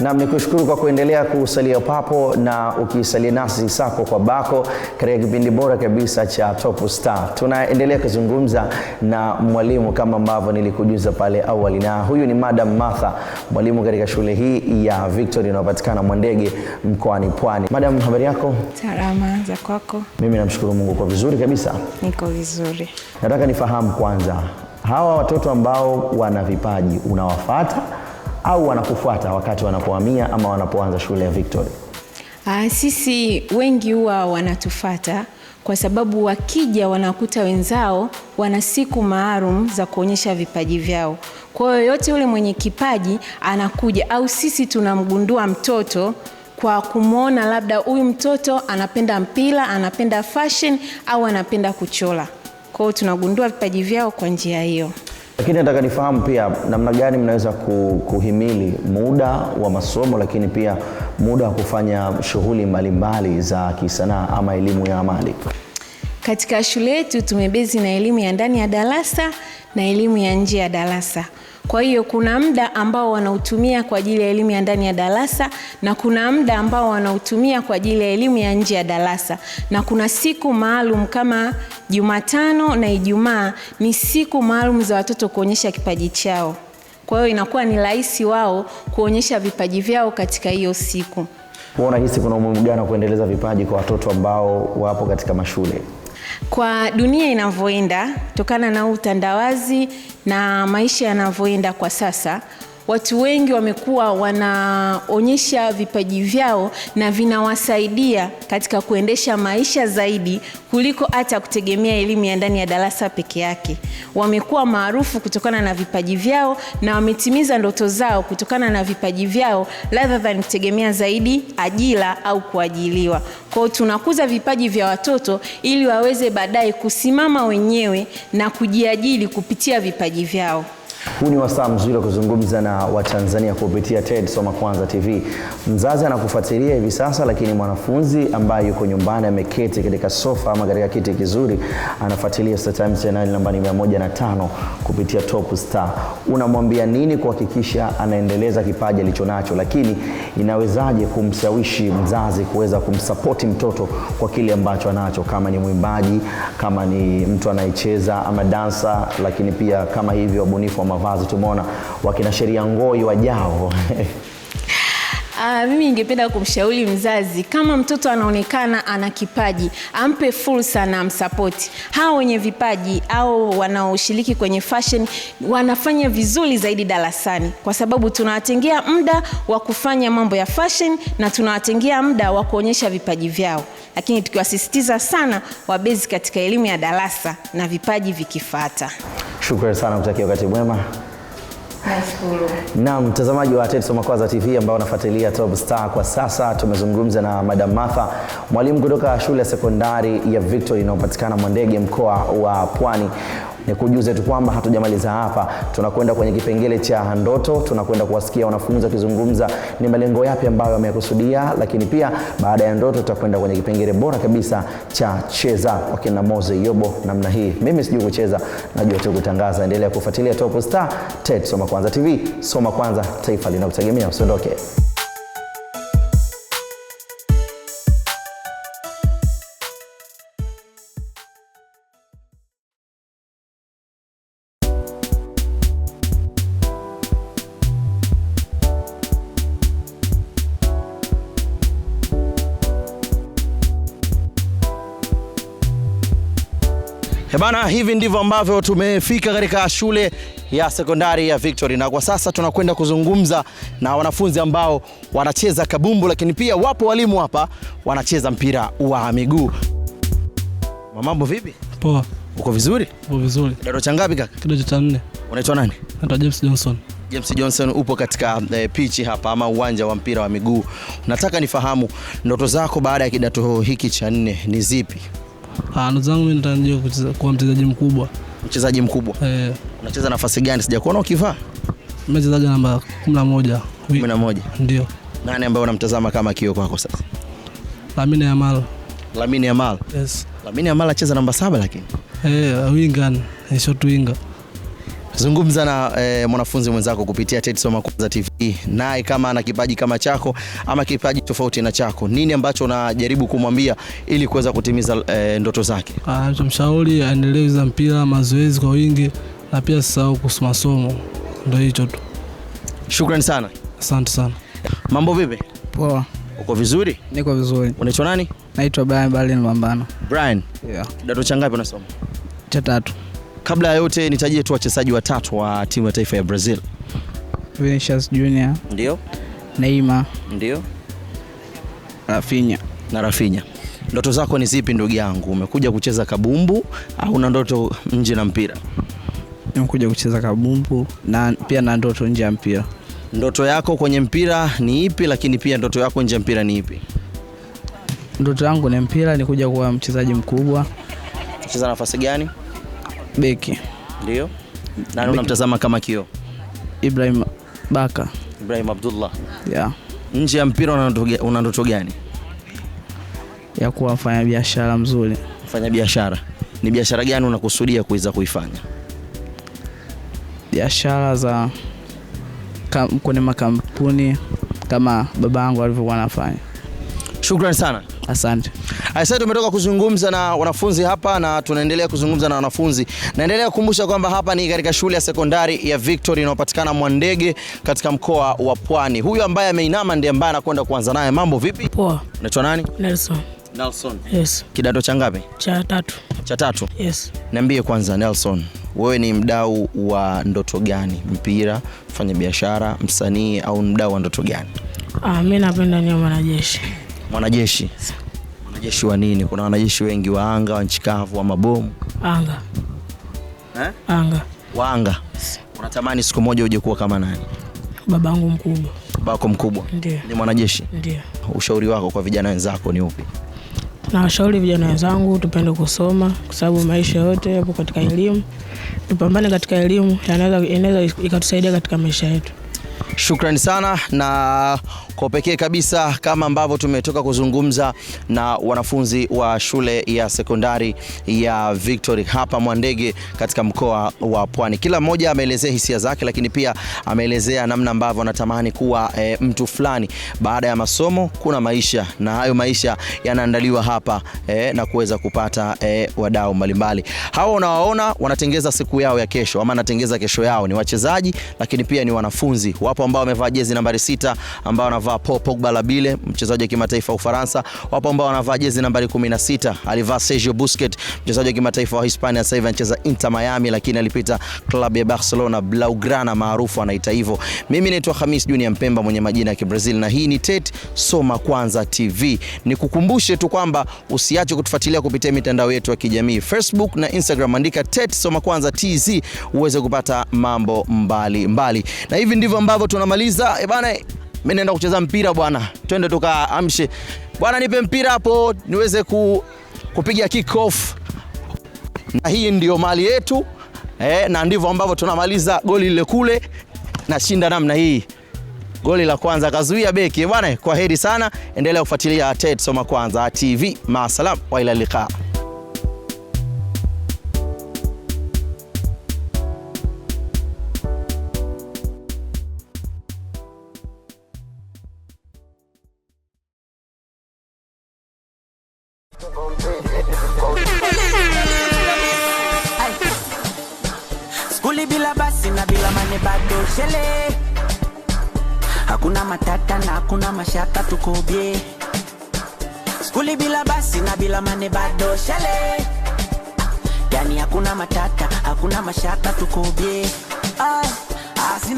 Nam ni kushukuru kwa kuendelea kusalia papo na ukisalia nasi sako kwa bako katika kipindi bora kabisa cha Top Star. Tunaendelea kuzungumza na mwalimu kama ambavyo nilikujuza pale awali, na huyu ni Madam Martha, mwalimu katika shule hii ya victor inayopatikana Mwandege mkoani Pwani. Madam, habari yako? Salama za kwako? Mimi namshukuru Mungu kwa vizuri kabisa. Niko vizuri. Nataka nifahamu kwanza, hawa watoto ambao wana vipaji unawafata au wanakufuata wakati wanapohamia ama wanapoanza shule ya Victory? Aa, ah, sisi wengi huwa wanatufata kwa sababu wakija wanakuta wenzao wana siku maalum za kuonyesha vipaji vyao. Kwa hiyo yote yule mwenye kipaji anakuja, au sisi tunamgundua mtoto kwa kumwona, labda huyu mtoto anapenda mpira, anapenda fashion au anapenda kuchora. Kwa hiyo tunagundua vipaji vyao kwa njia hiyo. Lakini nataka nifahamu pia namna gani mnaweza kuhimili muda wa masomo, lakini pia muda wa kufanya shughuli mbalimbali za kisanaa ama elimu ya amali. Katika shule yetu tumebezi na elimu ya ndani ya darasa na elimu ya nje ya darasa. Kwa hiyo kuna muda ambao wanautumia kwa ajili ya elimu ya ndani ya darasa na kuna muda ambao wanautumia kwa ajili ya elimu ya nje ya darasa, na kuna siku maalum kama Jumatano na Ijumaa ni siku maalum za watoto kuonyesha kipaji chao. Kwa hiyo inakuwa ni rahisi wao kuonyesha vipaji vyao katika hiyo siku. Unahisi kuna umuhimu gani wa kuendeleza vipaji kwa watoto ambao wapo katika mashule? Kwa dunia inavyoenda, kutokana na utandawazi na maisha yanavyoenda kwa sasa watu wengi wamekuwa wanaonyesha vipaji vyao na vinawasaidia katika kuendesha maisha zaidi kuliko hata kutegemea elimu ya ndani ya darasa peke yake. Wamekuwa maarufu kutokana na vipaji vyao na wametimiza ndoto zao kutokana na vipaji vyao rather than kutegemea zaidi ajira au kuajiliwa. Kwao tunakuza vipaji vya watoto ili waweze baadaye kusimama wenyewe na kujiajiri kupitia vipaji vyao. Huu ni wasaa mzuri wa kuzungumza na Watanzania kupitia TET Soma Kwanza TV. Mzazi anakufuatilia hivi sasa, lakini mwanafunzi ambaye yuko nyumbani ameketi katika sofa ama katika kiti kizuri anafuatilia Star Times channel nambari 105 kupitia Top Star. Unamwambia nini kuhakikisha anaendeleza kipaji alichonacho, lakini inawezaje kumshawishi mzazi kuweza kumsapoti mtoto kwa kile ambacho anacho, kama ni mwimbaji, kama ni mtu anayecheza ama dansa, lakini pia kama hivyo wabunifu mavazi. Tumeona wakina sheria ngoi wajao Uh, mimi ningependa kumshauri mzazi kama mtoto anaonekana ana kipaji ampe fursa na msapoti. Hao wenye vipaji au wanaoshiriki kwenye fashion wanafanya vizuri zaidi darasani, kwa sababu tunawatengea muda wa kufanya mambo ya fashion na tunawatengea muda wa kuonyesha vipaji vyao, lakini tukiwasisitiza sana wabezi katika elimu ya darasa na vipaji vikifata. Shukrani sana, mtakia wakati mwema. Naam, mtazamaji wa TET makwaza TV ambao wanafuatilia Top Star kwa sasa, tumezungumza na Madam Martha, mwalimu kutoka shule ya sekondari ya Victory inayopatikana Mwandege, mkoa wa Pwani ni kujuza tu kwamba hatujamaliza hapa. Tunakwenda kwenye kipengele cha ndoto, tunakwenda kuwasikia wanafunzi wakizungumza ni malengo yapi ambayo wamekusudia, lakini pia baada ya ndoto tutakwenda kwenye kipengele bora kabisa cha cheza, wakina moze Yobo namna hii. Mimi sijui kucheza, najua tu kutangaza. Endelea kufuatilia Top Star TET, soma kwanza TV, soma kwanza, taifa linakutegemea. Usiondoke. Bana, hivi ndivyo ambavyo tumefika katika shule ya sekondari ya Victory, na kwa sasa tunakwenda kuzungumza na wanafunzi ambao wanacheza kabumbu, lakini pia wapo walimu hapa wanacheza mpira wa miguu. Mamambo vipi? Poa. Uko vizuri? Uko vizuri. Kidato cha ngapi kaka? Kidato cha 4. Unaitwa nani? Naitwa James Johnson. James Johnson, upo katika eh, pichi hapa ama uwanja wa mpira wa miguu. Nataka nifahamu ndoto zako baada ya kidato hiki cha nne ni zipi? Ah, Ndoto zangu mimi natarajia kuwa mchezaji mkubwa. Mchezaji mkubwa? Eh. Unacheza nafasi gani? Sijakuona ukivaa. Mimi namba 11. 11. Ndio. Nani ambaye unamtazama kama kio kwako sasa? Lamine Yamal. Lamine Yamal. Yes. Lamine Yamal acheza namba saba lakini. Eh, winga, short winga. Zungumza na e, mwanafunzi mwenzako kupitia TET Soma Kwanza TV, naye kama ana kipaji kama chako ama kipaji tofauti na chako, nini ambacho unajaribu kumwambia ili kuweza kutimiza e, ndoto zake? Tumshauri ah, aendeleze mpira, mazoezi kwa wingi, na pia sisahau kusoma somo. Ndio hicho tu. Shukrani sana. Asante sana. Mambo vipi? Poa. Uko vizuri? Niko vizuri. Unaitwa nani? Naitwa Brian Balin Mambana. Brian. Yeah. Dato ngapi unasoma? Cha tatu. Kabla ya yote nitajie tu wachezaji watatu wa timu ya taifa ya Brazil. Vinicius Junior. Ndio. Neymar. Ndio. Rafinha. Na Rafinha. Ndoto zako ni zipi ndugu yangu? Umekuja kucheza kabumbu au una ndoto nje na mpira? Nimekuja kucheza kabumbu na pia na ndoto nje ya mpira. Ndoto yako kwenye mpira ni ipi, lakini pia ndoto yako nje ya mpira ni ipi? Ndoto yangu ni mpira, ni kuja kuwa mchezaji mkubwa. Cheza nafasi gani? beki. Ndio. Nani unamtazama kama kio Ibrahim Baka. Ibrahim Abdullah. Yeah. Nje ya mpira una ndoto gani? Ya kuwa mfanya biashara mzuri. Mfanya biashara. Ni biashara gani unakusudia kuweza kuifanya? Biashara za kwenye makampuni kama baba yangu alivyokuwa anafanya. Shukrani sana. Asante. Aisee, tumetoka kuzungumza na wanafunzi hapa na tunaendelea kuzungumza na wanafunzi. Naendelea kukumbusha kwamba hapa ni katika shule ya sekondari ya Victory inayopatikana Mwandege katika mkoa wa Pwani. Huyu ambaye ameinama ndiye ambaye anakwenda kuanza naye. Mambo vipi? Poa. Unaitwa nani? Nelson. Nelson. Yes. Kidato cha ngapi? Cha tatu. Cha tatu? Yes. Niambie kwanza Nelson, wewe ni mdau wa ndoto gani? Mpira, mfanya biashara, msanii au mdau wa ndoto gani? Ah, mimi napenda niwe mwanajeshi. Mwanajeshi. Wanajeshi wa nini? Kuna wanajeshi wengi wa anga, wa nchi kavu, wa mabomu? Anga. Eh? Anga. Wa anga. Unatamani siku moja uje kuwa kama nani? Babangu mkubwa. Babako mkubwa? Ndiyo. Ni mwanajeshi? Ndiyo. Ushauri wako kwa vijana wenzako ni upi? Nawashauri vijana wenzangu tupende kusoma, kwa sababu maisha yote yapo katika elimu. Tupambane katika elimu, inaweza ikatusaidia katika maisha yetu. Shukrani sana na kwa pekee kabisa, kama ambavyo tumetoka kuzungumza na wanafunzi wa shule ya sekondari ya Victory hapa Mwandege katika mkoa wa Pwani, kila mmoja ameelezea hisia zake, lakini pia ameelezea namna ambavyo anatamani kuwa e, mtu fulani. Baada ya masomo kuna maisha, na hayo maisha yanaandaliwa hapa e, na kuweza kupata e, wadau mbalimbali. Hawa unawaona wanatengeza siku yao ya kesho, ama anatengeza kesho yao, ni wachezaji lakini pia ni wanafunzi wapo ambao wamevaa jezi nambari sita ambao anavaa Paul Pogba Labile, mchezaji wa kimataifa wa Ufaransa. Wapo ambao wanavaa jezi nambari 16 alivaa Sergio Busquets, mchezaji wa kimataifa wa Hispania, sasa hivi anacheza Inter Miami, lakini alipita klabu ya Barcelona Blaugrana, maarufu anaita hivyo. Mimi naitwa Hamis Junior Mpemba mwenye majina ya Kibrazil na hii ni TET Soma Kwanza TV. Nikukumbushe tu kwamba usiache kutufuatilia kupitia mitandao yetu ya kijamii Facebook na Instagram, andika TET Soma Kwanza TZ uweze kupata mambo mbali mbali, na hivi ndivyo ambavyo tu tunamaliza e bwana, mimi naenda kucheza mpira bwana, twende tukaamshe bwana, nipe mpira hapo niweze ku, kupiga kick off. Na hii ndio mali yetu eh, na ndivyo ambavyo tunamaliza goli lile kule, nashinda namna hii. Goli la kwanza kazuia beki eh, bwana. Kwa heri sana, endelea kufuatilia TET Soma Kwanza TV. Maasalam wa ila liqa. Skuli bila basi na bila mane bado shele, hakuna matata na hakuna mashaka, tuko Skuli bila basi na bila mane bado shele, yani hakuna matata, hakuna mashaka, tuko Ah.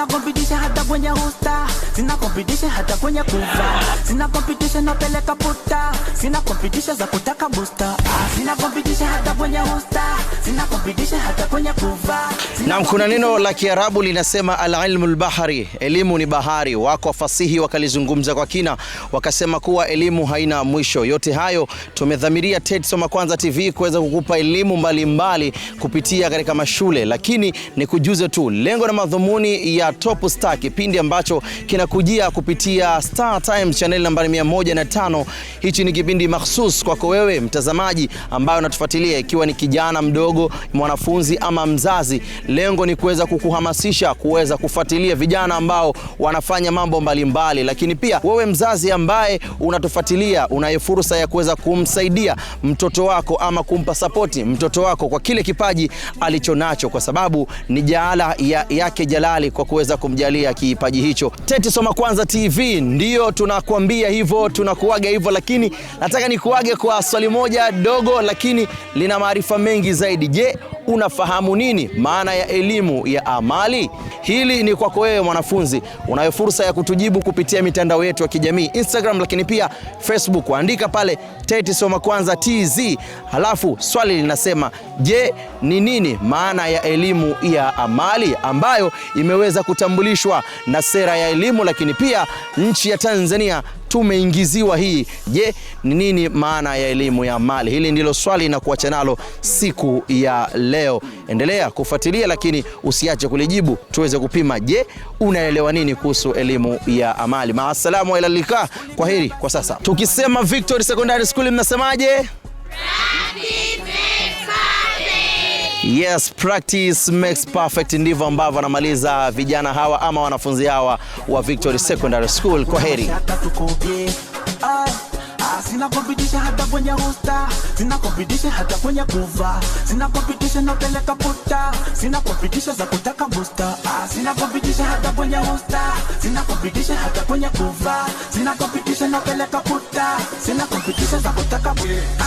Sina competition hata kwenye usta, sina competition hata kwenye kuva, sina competition na peleka puta, sina competition za kutaka busta, sina competition hata kwenye usta, sina competition hata kwenye kuva. Na kuna neno la Kiarabu linasema al-ilmu al-bahari, elimu ni bahari. Wako fasihi wakalizungumza kwa kina, wakasema kuwa elimu haina mwisho. Yote hayo tumedhamiria TET Soma Kwanza TV kuweza kukupa elimu mbalimbali mbali kupitia katika mashule, lakini nikujuze tu lengo na madhumuni ya Top Star, kipindi ambacho kinakujia kupitia Star Times channel nambari 105. Hichi ni kipindi mahsus kwako wewe mtazamaji, ambayo unatufuatilia ikiwa ni kijana mdogo, mwanafunzi ama mzazi. Lengo ni kuweza kukuhamasisha kuweza kufuatilia vijana ambao wanafanya mambo mbalimbali mbali. Lakini pia wewe mzazi ambaye unatufuatilia, unayo fursa ya kuweza kumsaidia mtoto wako ama kumpa sapoti mtoto wako kwa kile kipaji alichonacho, kwa sababu ni jaala ya, yake jalali kwa kuweza kumjalia kipaji hicho. Teti Soma Kwanza TV ndiyo tunakuambia hivyo, tunakuaga hivyo, lakini nataka nikuage kwa swali moja dogo, lakini lina maarifa mengi zaidi. Je, unafahamu nini maana ya elimu ya amali? Hili ni kwako wewe mwanafunzi. Unayo fursa ya kutujibu kupitia mitandao yetu ya kijamii Instagram, lakini pia Facebook. Andika pale Teti Soma Kwanza TZ, halafu swali linasema je, ni nini maana ya elimu ya amali ambayo imeweza kutambulishwa na sera ya elimu, lakini pia nchi ya Tanzania tumeingiziwa hii. Je, ni nini maana ya elimu ya mali Hili ndilo swali na kuacha nalo siku ya leo. Endelea kufuatilia, lakini usiache kulijibu tuweze kupima. Je, unaelewa nini kuhusu elimu ya amali? Maasalamu ila kwa heri kwa sasa. Tukisema Victory Secondary School mnasemaje? Yes, practice makes perfect, ndivyo ambavyo wanamaliza vijana hawa ama wanafunzi hawa wa Victory Secondary School. Kwa heri. Sina competition hata kwenye usta, sina competition hata kwenye kuva, sina competition na peleka puta, sina competition za kutaka busta. Sina competition hata kwenye usta, sina competition hata kwenye kuva, sina competition na peleka puta, sina competition za kutaka busta.